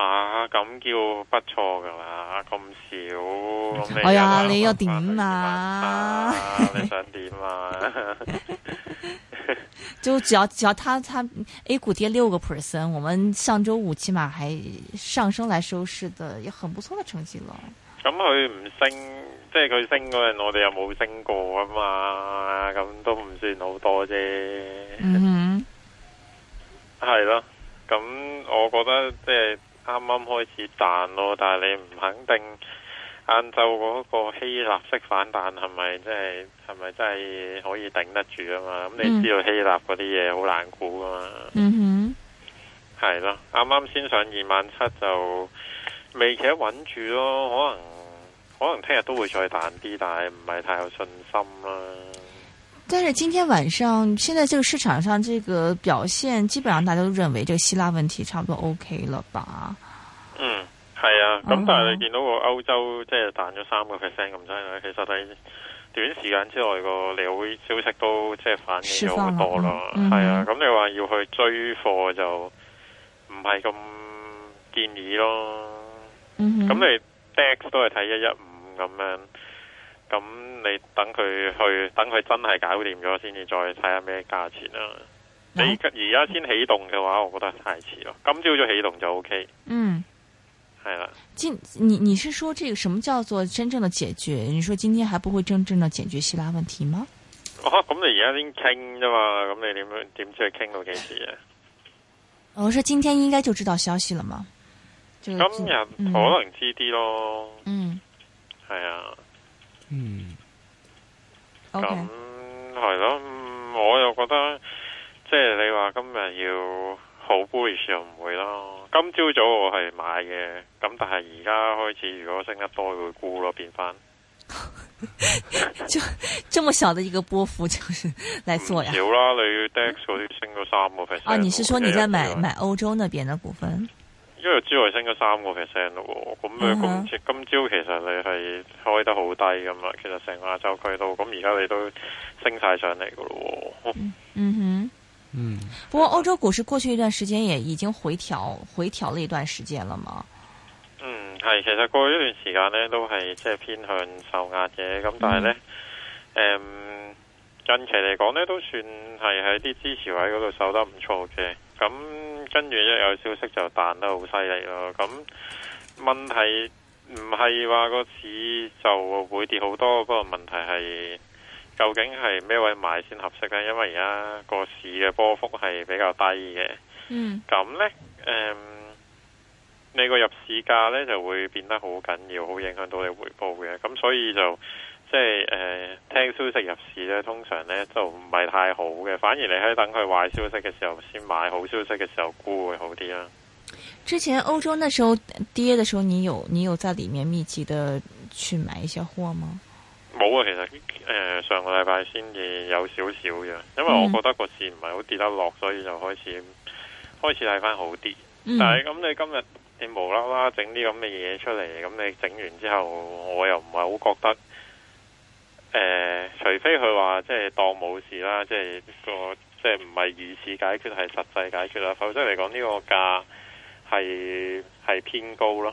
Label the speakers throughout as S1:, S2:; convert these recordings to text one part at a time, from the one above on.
S1: 啊，咁叫不錯噶啦，咁少，哎呀，oh、yeah，你又點
S2: 啊，啊？你想點啊？ 就只要只要他他，他 A 股跌六個 percent，我們上周五起碼還上升來收市的，也很不錯的成績咯。
S1: 咁佢唔升，即係佢升嗰陣，我哋又冇升過啊嘛，咁都唔算好多啫。嗯哼，係咯， 咁我覺得即係。就是啱啱開始彈咯，但係你唔肯定晏晝嗰個希臘式反彈係咪即係係咪真係可以頂得住啊嘛？咁、嗯、你知道希臘嗰啲嘢好難估啊嘛？嗯係哼咯，啱啱先上二萬七就未企穩住咯，可能可能聽日都會再彈啲，但係唔係太有信心啦。
S2: 但是今天晚上，現在這個市場上這個表現，基本上大家都認為，這個希臘問題差不多 OK 了吧？
S1: 嗯，係啊，咁但係你見到個歐洲即係彈咗三個 percent 咁犀利，其實喺短時間之內個利好消息都即係反映咗好多啦。係、嗯、啊，咁你話要去追貨就唔係咁建議咯。咁、嗯、哼你 tax 都係睇一一五咁樣。咁你等佢去，等佢真係搞掂咗，先至再睇下咩價錢啊。啊你而家先啟動嘅話，我覺得太遲咯。今朝早啟動就 O、OK、K。嗯，係
S2: 啦、啊。今你你是說，這個什麼叫做真正的解決？你說今天還不會真正的解決希臘問題嗎？
S1: 啊啊、哦，咁你而家先傾啫嘛，咁你點點知佢傾到幾時啊？
S2: 我說今天應該就知道消息了嗎？
S1: 今日可能知啲咯。嗯，係、嗯、啊。嗯，咁係咯，我又覺得即係你話今日要好 bullish 就唔會咯。今朝早我係買嘅，咁但係而家開始如果升得多會沽咯，變翻。
S2: 就這麼小的一個波幅，就是來做呀？少
S1: 啦，你 DAX 嗰啲升咗三個 percent。啊，你是說你在買
S2: 買歐洲那邊的股份？
S1: 因為朝外升咗三個 percent 咯，咁佢，嗯 uh huh. 今朝今朝其實你係開得好低噶嘛，其實成個亞洲區都，咁而家，你都升晒上嚟噶咯。嗯哼，嗯，
S2: 不過歐洲股市過去一段時間也已經回調回調了一段時間啦嘛。
S1: 嗯，係，其實過去一段時間呢都係即係偏向受壓嘅，咁但係呢，誒、mm hmm. 嗯，近期嚟講呢都算係喺啲支持位嗰度守得唔錯嘅，咁。跟住一有消息就彈得好犀利咯，咁問題唔係話個市就會跌好多，不過問題係究竟係咩位買先合適咧？因為而家個市嘅波幅係比較低嘅，嗯，嗯，咁咧，誒，你個入市價呢就會變得好緊要，好影響到你回報嘅，咁所以就。即係誒、呃，聽消息入市咧，通常咧就唔係太好嘅，反而你可以等佢壞消息嘅時候先買，好消息嘅時候估會好啲啦、啊。
S2: 之前歐洲那時候跌嘅時候，你有你有在裏面密集嘅去買一些貨嗎？
S1: 冇啊，其實誒、呃，上個禮拜先至有少少嘅，因為我覺得個市唔係好跌得落，嗯、所以就開始開始睇翻好啲。嗯、
S2: 但係咁
S1: 你今日你無啦啦整啲咁嘅嘢出嚟，咁你整完之後，我又唔係好覺得。嗯嗯誒、呃，除非佢話即係當冇事啦，即係、個即係唔係如此解決，係實際解決啦。否則嚟講，呢、呢個價係係偏高咯。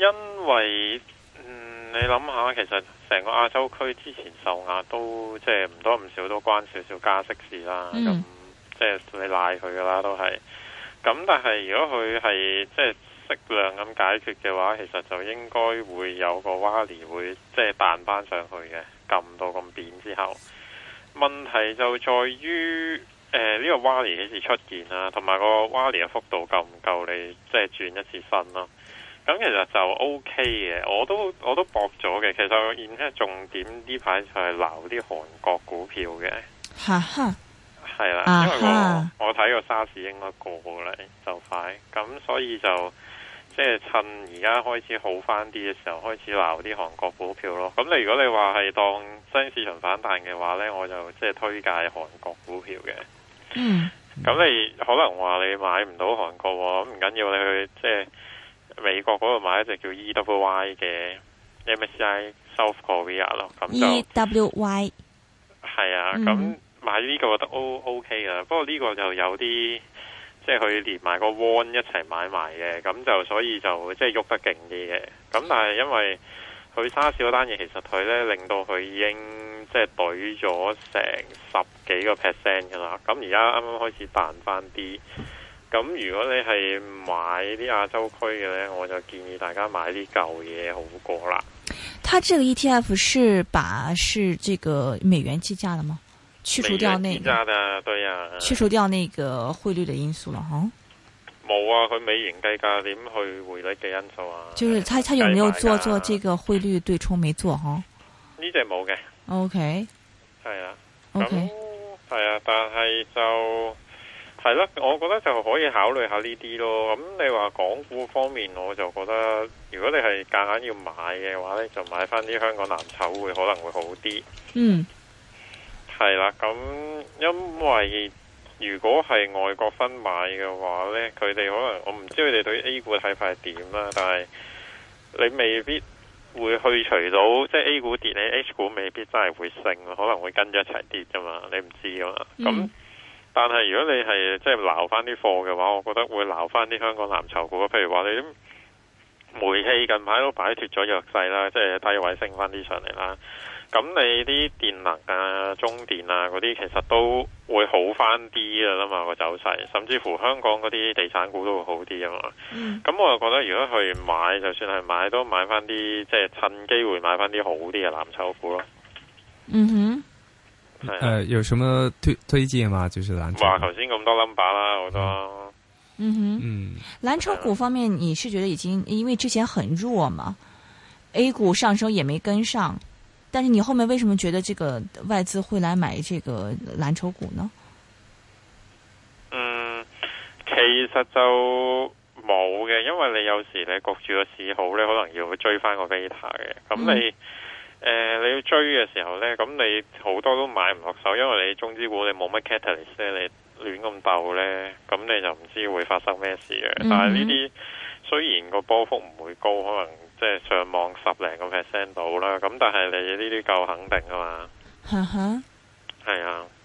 S1: 因為嗯，你諗下，其實成個亞洲區之前受壓都即係唔多唔少都關少少加息事啦，咁、嗯、即係你賴佢噶啦，都係。咁但係如果佢係即係適量咁解決嘅話，其實就應該會有個 Wally 會即係彈翻上去嘅，撳到咁扁之後，問題就在於誒呢個 Wally 幾時出現啊？同埋個 Wally 嘅幅度夠唔夠你即係轉一次身咯、啊？咁其實就 OK 嘅，我都我都搏咗嘅。其實而家重點呢排就係鬧啲韓國股票嘅，係啦，因為我我睇過沙士應該過嚟就快，咁所以就即係趁而家開始好返啲嘅時候開始鬧啲韓國股票咯。咁你如果你話係當新市場反彈嘅話呢，我就即係推介韓國股票嘅。咁、嗯、你可能話你買唔到韓國，唔緊要，你去即係。美國嗰度買一隻叫 E.W.Y 嘅 MSCI South Korea 咯，咁就 E.W.Y. 係啊，咁、嗯嗯嗯、買呢個覺得 O.O.K.、OK、啊，不過呢個就有啲即係佢連埋個 Won 一齊買埋嘅，咁就所以就即係喐得勁啲嘅。咁但係因為佢沙士嗰單嘢，其實佢咧令到佢已經即係懟咗成十幾個 percent 噶啦。咁而家啱啱開始彈翻啲。咁、嗯、如果你係買啲亞洲區嘅咧，我就建議大家買啲舊嘢好過啦。
S2: 他這個 ETF 是把是這個美元計價的嗎？去除掉那計、個、價的
S1: 對呀、啊，去除
S2: 掉那個匯率的因素了哈。
S1: 冇啊，佢美元計價點去匯率嘅因素啊。就是他他有沒有做做這個
S2: 匯率對沖？沒做哈？
S1: 呢隻冇嘅。OK。係啊。
S2: OK。
S1: 係啊，但係就。係咯，我覺得就可以考慮下呢啲咯。咁你話港股方面，我就覺得如果你係夾硬要買嘅話呢，就買翻啲香港藍籌會可能會好啲。嗯，係啦。咁因為如果係外國分買嘅話呢，佢哋可能我唔知佢哋對 A 股嘅睇法係點啦。但係你未必會去除到，即係 A 股跌，你 H 股未必真係會升，可能會跟住一齊跌噶嘛。你唔知啊嘛，咁。嗯。但係如果你係即係撈翻啲貨嘅話，我覺得會撈翻啲香港藍籌股。譬如話你啲煤氣近排都擺脱咗弱勢啦，即係低位升翻啲上嚟啦。咁你啲電能啊、中電啊嗰啲，其實都會好翻啲噶啦嘛個走勢。甚至乎香港嗰啲地產股都會好啲啊嘛。咁我又覺得如果去買，就算係買都買翻啲，即係趁機會買翻啲好啲嘅藍籌股咯。嗯
S2: 哼、mm。Hmm. 誒、呃，有什麼推推
S1: 薦嗎？就是藍籌，哇！頭先咁多 number 啦，好多。嗯哼，嗯，
S2: 藍籌股方面，你是覺得已經因為之前很弱嘛？A 股上升也沒跟上，但是你後面為什麼覺得這個外資會來買這個藍籌股呢？嗯，
S1: 其實就冇嘅，因為你有時你焗住個市好咧，可能要追翻個 beta 嘅，咁你。嗯誒、呃，你要追嘅時候呢，咁你好多都買唔落手，因為你中資股你冇乜 catalyst 呢，你亂咁鬥呢，咁你就唔知會發生咩事嘅。嗯、哼但係呢啲雖然個波幅唔會高，可能即係上望十零個 percent 度啦，咁但係你呢啲夠肯定噶嘛？哈，係啊。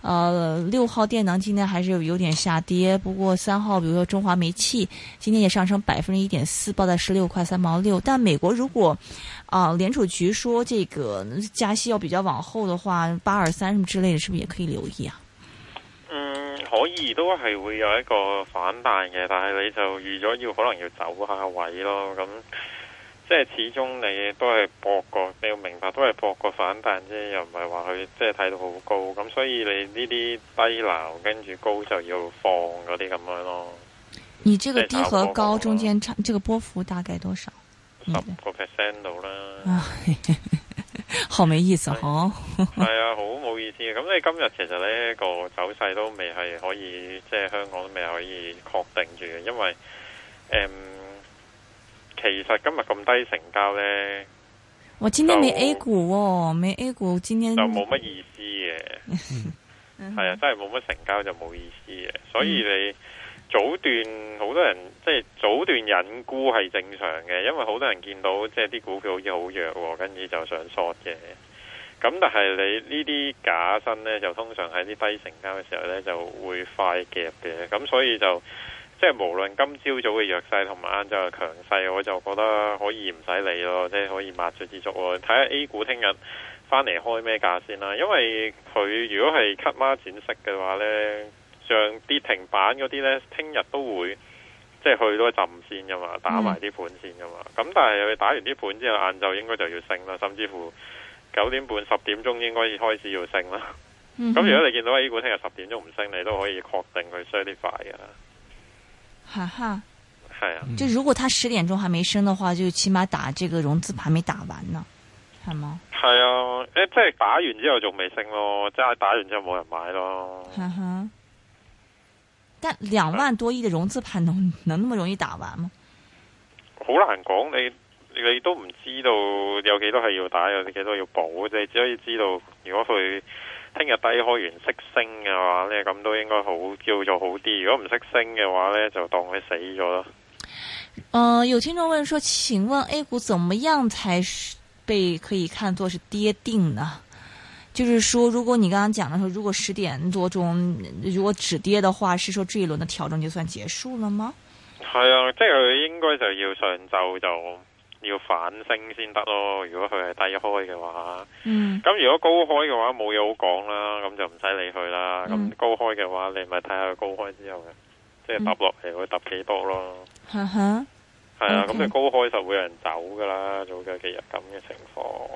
S2: 呃，六號電能今天還是有有點下跌，不過三號，比如說中華煤氣，今天也上升百分之一點四，報在十六塊三毛六。但美國如果啊，呃，聯儲局說這個加息要比較往後的話，八二三什麼之類的是不是也可以留意啊？嗯，
S1: 可以，都係會有一個反彈嘅，但係你就預咗要可能要走下位咯，咁。即係始終你都係博個，你要明白都係博個反彈啫，又唔係話佢即係睇到好高咁，所以你呢啲低樓跟住高就要放嗰啲咁樣咯。
S2: 你這個低和高，高中間差，這個波幅大概多少？
S1: 十個 percent 度啦。哎、
S2: 好冇意思，嗬是？
S1: 係 啊，好冇意思。咁你今日其實呢個走勢都未係可以，即係香港都未可以確定住，嘅，因為誒。嗯其實今日咁低成交呢？
S2: 我今天未 A,、哦、A 股，未 A 股今天就冇乜
S1: 意思嘅。係啊，真係冇乜成交就冇意思嘅，所以你早段，好多人，即係早段引沽係正常嘅，因為好多人見到即係啲股票好似好弱，跟住就想索嘅，咁但係你呢啲假身呢，就通常喺啲低成交嘅時候呢，就會快夾嘅，咁所以就。即係無論今朝早嘅弱勢同埋晏晝嘅強勢，我就覺得可以唔使理咯，即係可以抹啜支足咯。睇下 A 股聽日翻嚟開咩價先啦。因為佢如果係吸孖展息嘅話呢，像跌停板嗰啲呢，聽日都會即係去多浸先噶嘛，打埋啲盤先噶嘛。咁、mm hmm. 但係佢打完啲盤之後，晏晝應該就要升啦，甚至乎九點半十點鐘應該開始要升啦。咁、mm hmm. 如果你見到 A 股聽日十點鐘唔升，你都可以確定佢衰啲快噶啦。
S2: 哈哈，係啊一，就如果他十點鐘還沒升的話，就起碼打這個融資盤沒打完呢，係嗎？
S1: 係啊，誒，即係打完之後仲未升咯，即係打完之後冇人買咯。
S2: 但兩萬多億嘅融資盤能能那麼容易打完嗎？
S1: 好難講，你你都唔知道有幾多係要打，有幾多要補，你只可以知道如果佢。聽日低開完識升嘅話咧，咁都應該好叫做好啲。如果唔識升嘅話咧，就當佢死咗咯。
S2: 啊、呃，有聽眾問說，請問 A 股怎麼樣才被可以看作是跌定呢？就是說，如果你剛剛講的時候，如果十點多鐘如果止跌的話，是說這一輪的調整就算結束了嗎？
S1: 係、嗯、啊，即係佢應該就要上晝就。要反升先得咯，如果佢係低開嘅話，咁、嗯、如果高開嘅話冇嘢好講啦，咁就唔使理佢啦。咁、嗯、高開嘅話，你咪睇下佢高開之後嘅，即係揼落嚟會揼幾多咯。係、嗯嗯、啊，咁你 Okay. 高開就會有人走噶啦，早幾日咁嘅情
S2: 況。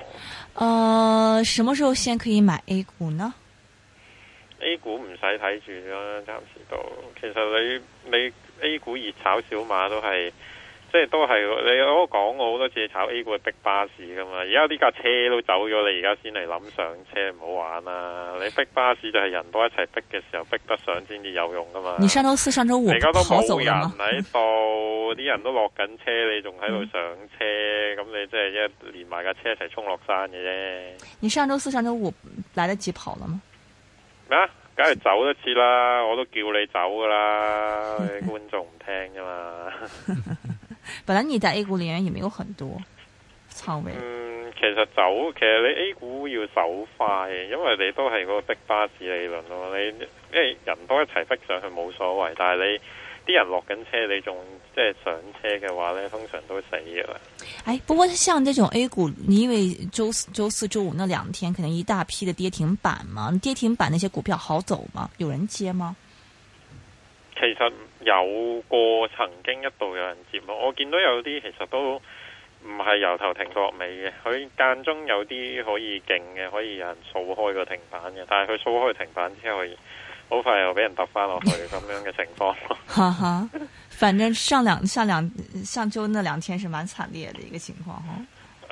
S2: 誒，uh, 什麼時候，先可以買 A 股呢
S1: ？A 股唔使睇住啦，暫時都。其實你你 A 股熱炒小馬都係。即係都係你我都講過好多次，炒 A 股係逼巴士噶嘛，而家呢架車都走咗，啊，你而家先嚟諗上車唔好玩啦！你逼巴士就係人多一齊逼嘅時候逼得上先至有用噶嘛。你上周四、上周五跑走咗嗎？而家都冇人喺度，啲，嗯、人都落緊車，你仲喺度上車，咁，嗯、你即係一連埋架車一齊衝落山嘅啫。
S2: 你上周四、上周五嚟得及跑了
S1: 咩啊？梗係走一次啦，我都叫你走噶啦，嗯、你觀眾唔聽啫嘛。
S2: 本來你在 A 股裏面也沒有很多倉位。嗯，
S1: 其實走，其實你 A 股要走快，因為你都係個逼巴士理論咯。你因為人多一齊逼上去冇所謂，但係你啲人落緊車，你仲即係上車嘅話咧，通常都死㗎喇。
S2: 哎，不過像這種 A 股，你以為周四周四周五那兩天，可能一大批的跌停板嘛，跌停板那些股票好走嗎？有人接嗎？
S1: 其實有過曾經一度有人接落，我見到有啲其實都唔係由頭停到尾嘅，佢間中有啲可以勁嘅，可以有人掃開個停板嘅，但係佢掃開停板之後，好快又俾人踏翻落去咁樣嘅情況咯。
S2: 反正上兩上兩上周那兩天是蠻慘烈的一個情況，哦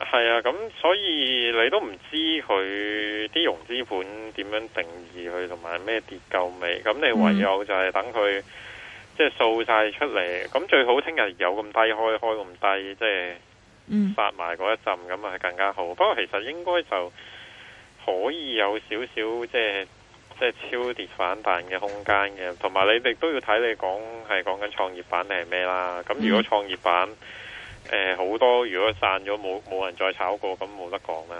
S1: 係啊，咁所以你都唔知佢啲融資盤點樣定義佢，同埋咩跌夠未？咁你唯有就係等佢即係掃晒出嚟。咁最好聽日有咁低開，開咁低，即係嗯，殺埋嗰一陣，咁啊更加好。不過其實應該就可以有少少即係即係超跌反彈嘅空間嘅。同埋你哋都要睇你講係講緊創業板定係咩啦？咁如果創業板。嗯誒，好、呃、多如果散咗冇冇人再炒過，咁冇得講啦。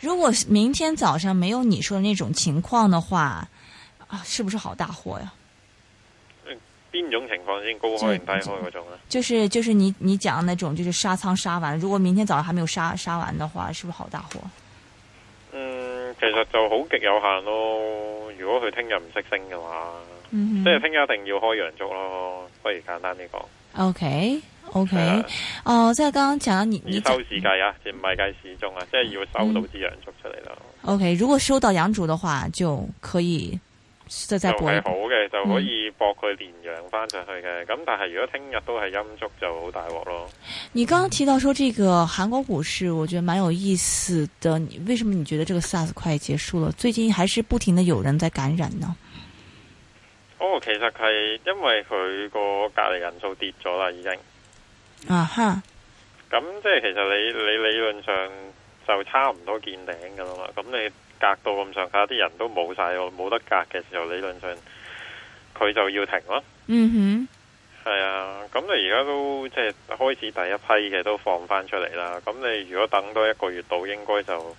S2: 如果明天早上沒有你說的那種情況的話，啊，是不是好大鑊呀、啊？
S1: 邊、呃、種情況先高開定、就是、低開嗰種
S2: 啊、就是？就是講就是你你講那種，就是殺倉殺完。如果明天早上還沒有殺殺完的話，是不是好大鑊？
S1: 嗯，其實就好極有限咯。如果佢聽日唔識升嘅話，嗯、哼即係聽日一定要開陽燭咯。不如簡單啲講。
S2: O K O K，哦，即係剛剛講你你收
S1: 市計啊，即唔係計市中啊，即係要收到支陽燭出嚟咯。
S2: O、okay, K，如果收到陽燭嘅話，就可以設在博。好嘅，就可以
S1: 搏佢連陽翻上去嘅。咁、嗯、但係如果聽日都係陰燭就好大鑊咯。你剛
S2: 剛提到說這個韓國股市，我覺得蠻有意思的。你為什麼你覺得這個 SARS 快結束了？最近還是不停的有人在感染呢？
S1: 不過，其實係因為佢個隔離人數跌咗啦，已經。
S2: 啊哈！
S1: 咁即係其實你你理論上就差唔多見頂噶啦嘛，咁你隔到咁上下，啲人都冇晒，冇得隔嘅時候，理論上佢就要停咯。嗯哼。係啊、嗯，咁你而家都即係開始第一批嘅都放翻出嚟啦，咁你如果等多一個月到，應該就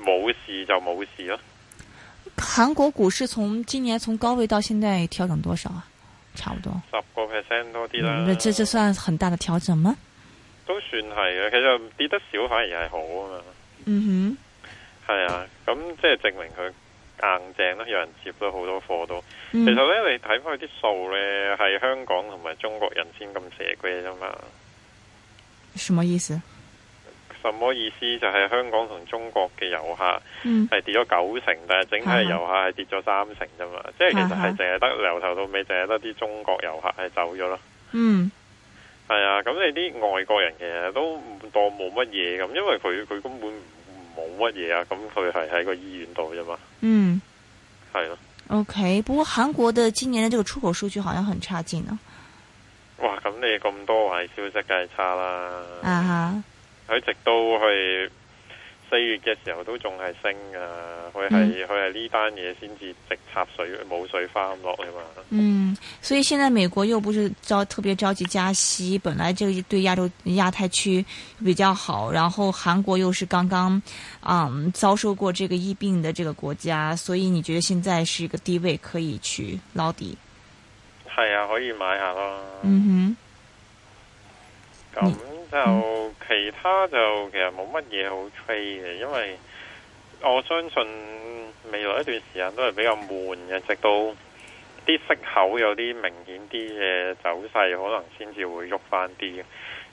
S1: 冇事就冇事咯。嗯嗯
S2: 韓國股市從今年從高位到現在調整多少啊？差唔多十
S1: 個 percent 多啲啦。嗯、這
S2: 這算很大的調整嗎？
S1: 都算係啊。其實跌得少反而係好啊嘛。
S2: 嗯
S1: 哼。係啊，咁即係證明佢硬淨咯，有人接咗好多貨都。嗯、
S2: 其實咧，
S1: 你睇返佢啲數咧，係香港同埋中國人先咁邪鬼嘅啫嘛。
S2: 什麼意思？
S1: 什麼意思？就係香港同中國嘅遊客係跌咗九成，但係整體遊客係跌咗三成啫嘛。即係其實係淨係得由頭到尾淨係得啲中國遊客係走咗咯。嗯，係啊。咁你啲外國人其實都都冇乜嘢咁，因為佢佢根本冇乜嘢啊。咁佢係喺個醫院度啫嘛。嗯，係咯、
S2: 啊。O K。不過韓國嘅今年嘅這個出口數據好像很差勁啊。
S1: 哇，咁你咁多壞消息，梗係差啦。啊哈。佢直到去四月嘅時候都仲係升㗎。佢係佢係呢單嘢先至直插水冇水翻落
S2: 啊嘛。嗯，所以現在美國又不是着特別着急加息，本來就對亞洲、亞太區比較好。然後韓國又是剛剛嗯遭受過這個疫病的這個國家，所以你覺得現在是一個低位可以去撈底？
S1: 係啊，可以買下咯。嗯哼。咁
S2: 這樣。
S1: 就其他就其實冇乜嘢好吹嘅，因為我相信未來一段時間都係比較悶嘅，直到啲息口有啲明顯啲嘅走勢，可能先至會喐翻啲。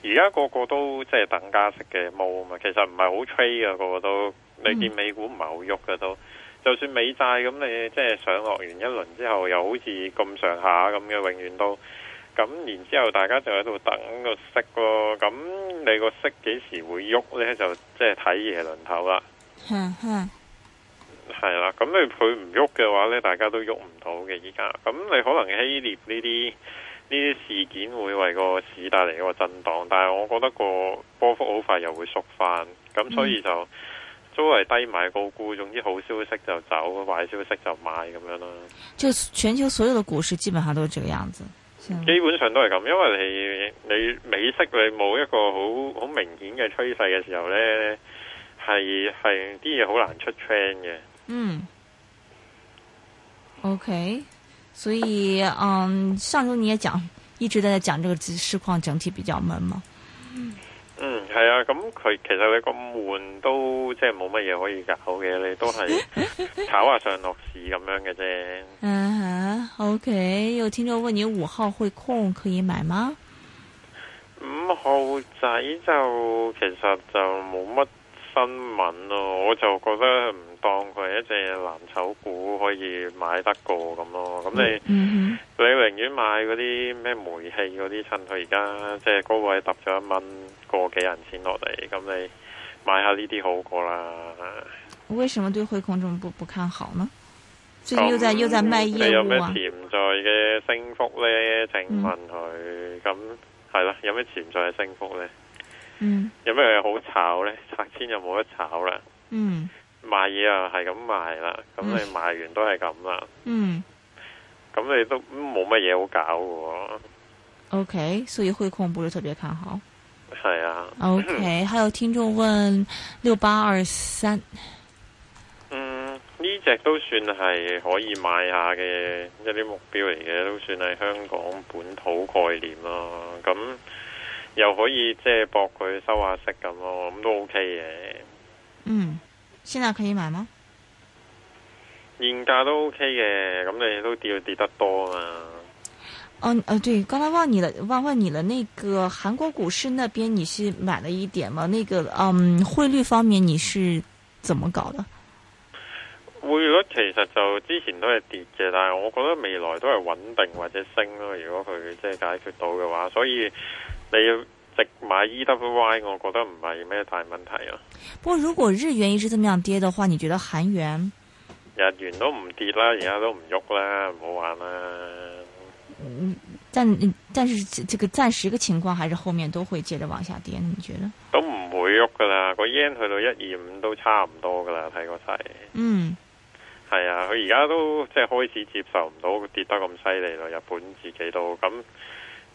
S1: 而家個個都即係、就是、等加息嘅冇啊嘛，其實唔係好吹嘅，個個都你見美股唔係好喐嘅都，就算美債咁你即係、就是、上落完一輪之後，又好似咁上下咁嘅，樣永遠都。咁然之後，大家就喺度等個息咯。咁你個息幾時會喐呢？就即係睇耶倫頭啦。
S2: 嗯
S1: 係啦，咁你佢唔喐嘅話呢，大家都喐唔到嘅。依家咁你可能希臘呢啲呢啲事件會為個市帶嚟一個震盪，但係我覺得個波幅好快又會縮翻。咁所以就都係低買高沽，總之好消息就走，壞消息就買咁樣啦。
S2: 就全球所有嘅股市基本上都是這個樣子。
S1: 基本上都係咁，因為你你美式你冇一個好好明顯嘅趨勢嘅時候咧，係係啲嘢好難出 train 嘅。嗯。
S2: OK，所以嗯，um, 上周你也講，一直都在講，這個市況整體比較悶嘛、嗯啊。
S1: 嗯。嗯，係啊，咁佢其實你個悶都即係冇乜嘢可以搞嘅，你都係炒下上落市咁樣嘅啫。 嗯。
S2: O K，有聽眾問你五號匯控可以買嗎？
S1: 五號仔就其實就冇乜新聞咯，我就覺得唔當佢係一隻藍籌股可以買得過咁咯。咁、嗯、你、嗯、哼你寧願買嗰啲咩煤氣嗰啲趁佢而家即係高位揼咗一蚊個幾銀錢落嚟，咁你買下呢啲好過啦。
S2: 為什麼對匯控這麼不不看好呢？講你有咩潛
S1: 在嘅升幅咧？請問佢咁係啦，有咩潛在嘅升幅咧？嗯，有咩好炒咧？拆遷又冇得炒啦。嗯，買又賣嘢啊，係咁賣啦。咁你賣完都係咁啦。嗯，咁你都冇乜嘢好搞嘅、
S2: 啊。OK，所以匯控不是特別看好。係啊。OK，還有聽眾問六八二三。
S1: 亦都算係可以買下嘅一啲目標嚟嘅，都算係香港本土概念咯。咁又可以即係博佢收下息咁咯，咁都 OK 嘅。嗯，
S2: 現在可以買嗎？
S1: 嗯，現價都 OK 嘅，咁你都跌跌得多啊。
S2: 哦，呃，對，剛才問你了，問問你了，那個韓國股市那邊你是買了一點嘛？那個，嗯，匯率方面你是怎麼搞的？
S1: 匯率其實就之前都係跌嘅，但係我覺得未來都係穩定或者升咯。如果佢即係解決到嘅話，所以你要直買 EWY，我覺得唔係咩大問題啊。
S2: 不過如果日元一直咁樣跌嘅話，你覺得韓元？
S1: 日元都唔跌啦，而家都唔喐啦，唔好玩啦。嗯，暫
S2: 但，但是這個暫時個情況，還是後面都會接着往下跌，你覺得？
S1: 都唔會喐噶啦，個 yen 去到一二五都差唔多噶啦，睇個勢。嗯。係啊，佢而家都即係開始接受唔到跌得咁犀利啦，日本自己都咁，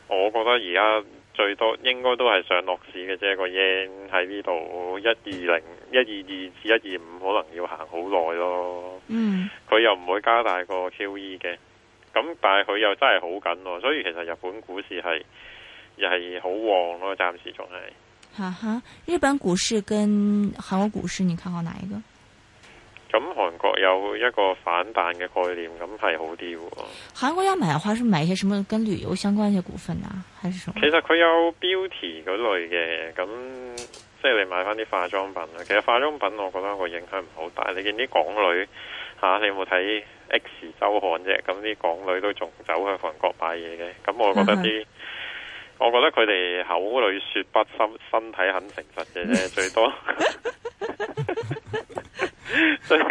S1: 我覺得而家最多應該都係上落市嘅啫，個 yen 喺呢度一二零一二二至一二五，120, 12可能要行好耐咯。嗯，佢又唔會加大個 QE 嘅，咁但係佢又真係好緊，所以其實日本股市係又係好旺咯，暫時仲係。
S2: 哈哈，日本股市跟韓國股市，你看好哪一個？
S1: 咁韓國有一個反彈嘅概念，咁係好啲。
S2: 韓國要買嘅話，是買一些什麼跟旅遊相關嘅股份啊，還是什麼？
S1: 其實佢有 Beauty 嗰類嘅，咁即係你買翻啲化妝品啦。其實化妝品我覺得個影響唔好大。你見啲港女吓，啊，你有冇睇 X 周刊啫？咁啲港女都仲走去韓國買嘢嘅。咁我覺得啲， 我覺得佢哋口裏說不心，身體很誠實嘅啫，最多。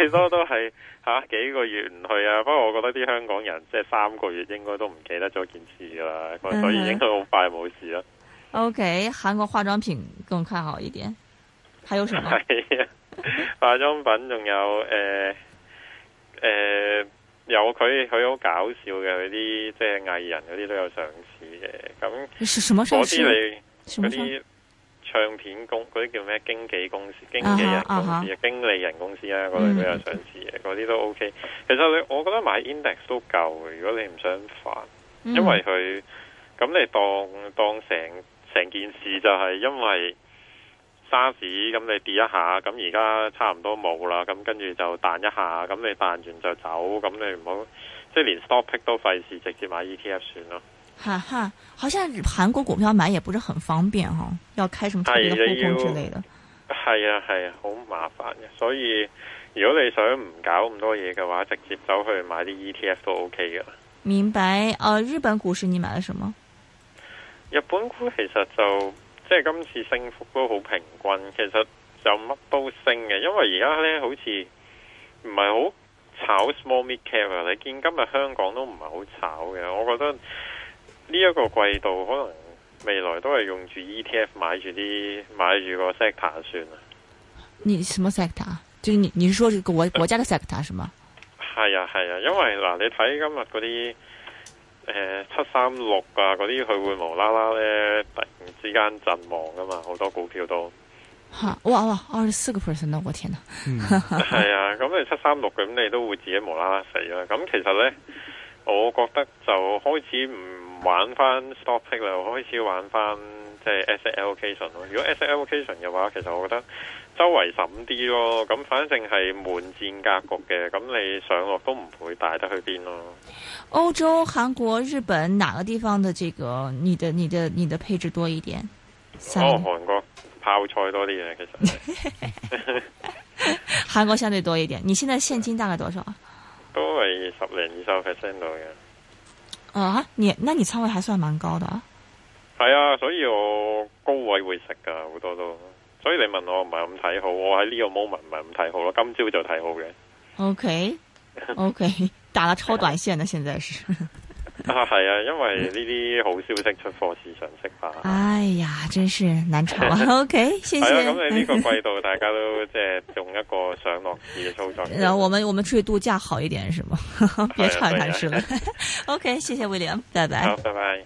S1: 其實都係吓、啊、幾個月唔去啊，不過我覺得啲香港人即係三個月應該都唔記得咗件事啦，嗯、所以應該好快冇事啦。
S2: OK，韓國化妝品更看好一點，還有什麼？係
S1: 啊， 化妝品仲有誒誒，有佢佢好搞笑嘅嗰啲，即係藝人嗰啲都有上市嘅。
S2: 咁你，什麼啲。
S1: 唱片公嗰啲叫咩？經紀公司、經紀人公司啊、uh huh, uh huh. 經理人公司啊，嗰類嗰類上市嘅嗰啲都 OK。其實你我覺得買 index 都夠，如果你唔想煩，因為佢咁你當當成成件事就係因為沙士咁你跌一下，咁而家差唔多冇啦，咁跟住就彈一下，咁你彈完就走，咁你唔好即係連 stop pick 都費事，直接買 ETF 算咯。
S2: 哈哈，hi, hi. 好像韓國股票買也不是很方便、啊、要開什麼特別的戶口之類的。
S1: 係啊係啊，好、啊、麻煩，所以如果你想唔搞咁多嘢嘅話，直接走去買啲 ETF 都 OK 嘅。
S2: 明白、啊，日本股市你買了什麼？
S1: 日本股其實就即係今次升幅都好平均，其實就乜都升嘅，因為而家呢，好似唔係好炒 small mid cap 啊，你見今日香港都唔係好炒嘅，我覺得。呢一個季度可能未來都係用住 ETF 買住啲買住個 sector 算啦。
S2: 你什麼 sector？就你你是說個國國家嘅 sector 係咪？
S1: 係 啊係啊，因為嗱你睇今日嗰啲誒七三六啊嗰啲，佢會無啦啦咧突然之間陣亡噶嘛，好多股票都
S2: 吓 哇哇二十四個 percent 啊！我天 啊！係、嗯、
S1: 啊，咁、 嗯、你七三六咁你都會自己無啦啦死啦。咁其實咧，我覺得就開始唔。玩翻 stock pick 啦，開始玩翻即係 asset allocation 咯。如果 asset allocation 嘅話，其實我覺得周圍滲啲咯。咁反正係悶戰格局嘅，咁你上落都唔會大得去邊咯。
S2: 歐洲、韓國、日本，哪個地方嘅？這個你的你的你的配置多一點？哦，
S1: 韓國泡菜多啲嘅，其實。
S2: 韓 國相對多一點。你現在現金大概多少？
S1: 都係十零二十 percent 度嘅。
S2: 啊，你那你倉位還算蠻高的。
S1: 啊，係啊，所以我高位會食㗎，好多都，所以你問我唔係咁睇好，我喺呢個 moment 唔係咁睇好咯，今朝就睇好嘅。
S2: OK，OK，Okay, okay, 打咗超短線啦，現在是。
S1: 啊，係啊，因為呢啲好消息出貨市信息吧。
S2: 哎呀，真是難炒 ，OK，謝謝。係咯，哎，咁你呢個季
S1: 度大家都即係用一個上落市嘅操作。 然後我們我
S2: 們出去度假好一點，是嗎？別炒市了。 啊啊、 OK，謝謝 a m 拜拜，好，拜拜。